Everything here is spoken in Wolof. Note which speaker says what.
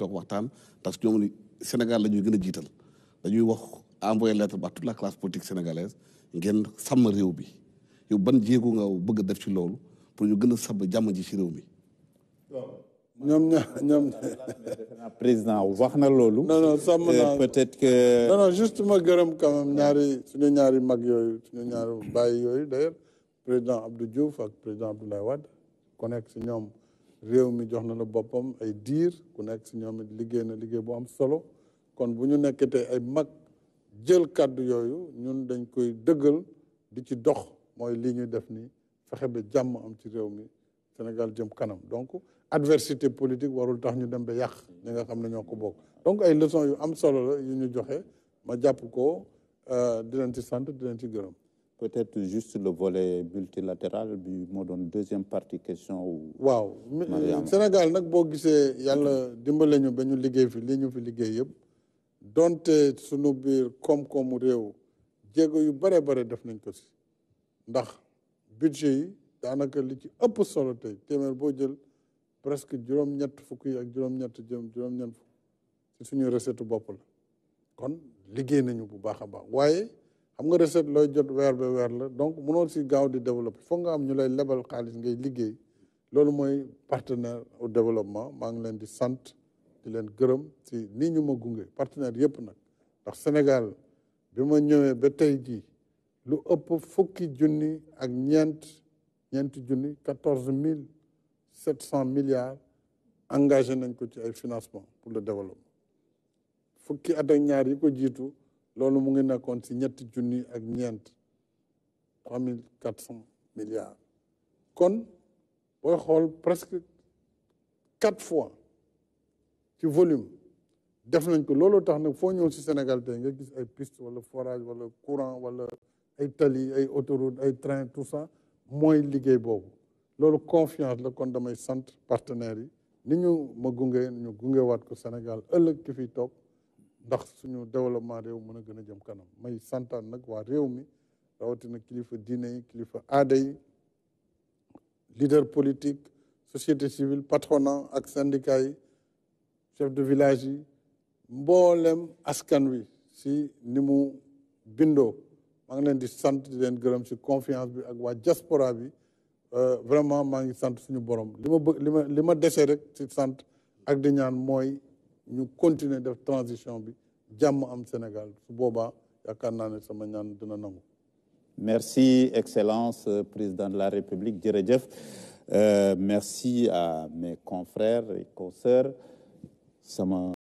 Speaker 1: toog waxtaan parce que ñoom Sénégal la gën a jiital dañuy wax envoyé lettre ba toute la classe politique sénégalaise ngeen sàmm réew bi yow ban jéego nga bëgg a def ci loolu pour ñu gën a sàmm jàmm ji ci réew mi. ñoom ñoom président wax na loolu. non non sàmm euh, naa peut-être que. non non juste ma ñaari suñu mag yooyu suñu ñaari bàyyi yooyu d'ailleurs président Abdou Diouf ak président Abdoulaye Wade ku nekk si ñoom. réew mi jox na la boppam ay diir ku nekk si ñoom liggéey na liggéey bu am solo kon bu ñu nekkatee ay mag jël kàddu yooyu ñun dañ koy dëggal di ci dox mooy lii ñuy def ni fexe ba jàmm am ci réew mi Sénégal jëm kanam donc adversité politique warul tax ñu dem ba yàq ñi nga xam ne ñoo ko bokk donc ay leçons yu am solo la yu ñu joxe ma jàpp ko euh, di leen ci sant di leen ci gërëm peut-être juste le volet multilatéral bi moo doon deuxième partie question. waaw euh, Sénégal nag boo gisee yàlla dimbale ñu ba ñu liggéey fi li ñu fi liggéey yëpp donte sunu biir koom-koomu réew jéego yu bare bare def nañ ko si ndax budget yi daanaka li ci ëpp solo tey téeméer boo jël presque juróom-ñett fukk yi ak juróom-ñett juróom-ñett fukk ci suñuy recette bopp la kon liggéey nañu bu baax baax waaye. xam nga recette looy jot weer ba weer la donc mënoo si gaaw di développer foog nga am ñu lay lebal xaalis ngay liggéey loolu mooy partenaire au développement maa ngi leen di sant di leen gërëm si nii ñu ma gunge partenaire yëpp nag ndax Sénégal bi ma ñëwee ba tey jii lu ëpp fukki junni ak ñeent ñeenti junni quatorze mille sept cent milliards engagé nañ ko ci ay financement pour le développement fukki at ñaar yi ko jiitu loolu mu ngi nekkoon ci ñetti junni ak ñeent trois mille quatre cent milliards kon booy xool presque quatre fois ci volume def nañ ko looloo tax nag foo ñëw ci Sénégal tey nga gis ay piste wala forage wala courant wala ay tali ay autoroute ay train tout ça mooy liggéey boobu loolu confiance la kon damay sant partenaires yi ni ñu ma gunge ñu gungewaat ko Sénégal ëllëg ki fiy toog ndax suñu développement réew mën a gën a jëm kanam may santaan nag waa réew mi rawatina kilifa diine yi kilifa aada yi leader politique société civile patronat ak syndicat yi chef de village yi mboolem askan wi si ni mu bindoo maa ngi leen di sant di leen gërëm si confiance bi ak waa diaspora bi euh, vraiment maa ngi sant suñu borom li ma bëgg li ma li dese rek si sant ak di ñaan mooy ñu continuer def transition bi jàmm am Sénégal su boobaa yaakaar naa ne sama ñaan duna nangu. merci excellence euh, président de la République jërëjëf euh, merci à mes confrères et consoeurs sama.